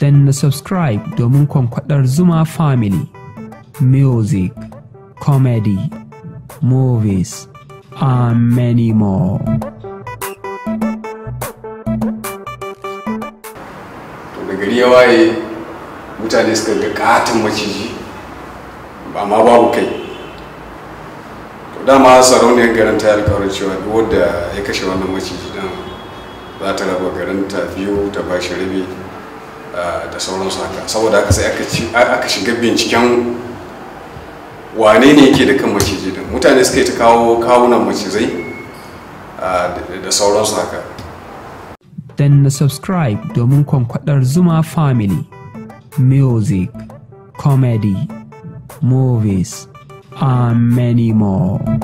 na subscribe domin kwankwadar Zuma Family. Music, comedy, movies, and many more. To daga ya waye mutane suka ga katin maciji ba ma babu kai to dama sarauniyar garin ta alkawarin cewa duk wadda ya kashe wannan maciji dan za ta raba garin ta biyu ta bashi rabi da sauransu haka saboda haka sai aka shiga binciken wane ne yake da kan maciji mutane suka ta kawo kawunan macizai da sauransu haka dan na subscribe domin kwankwadar zuma family music comedy movies and many more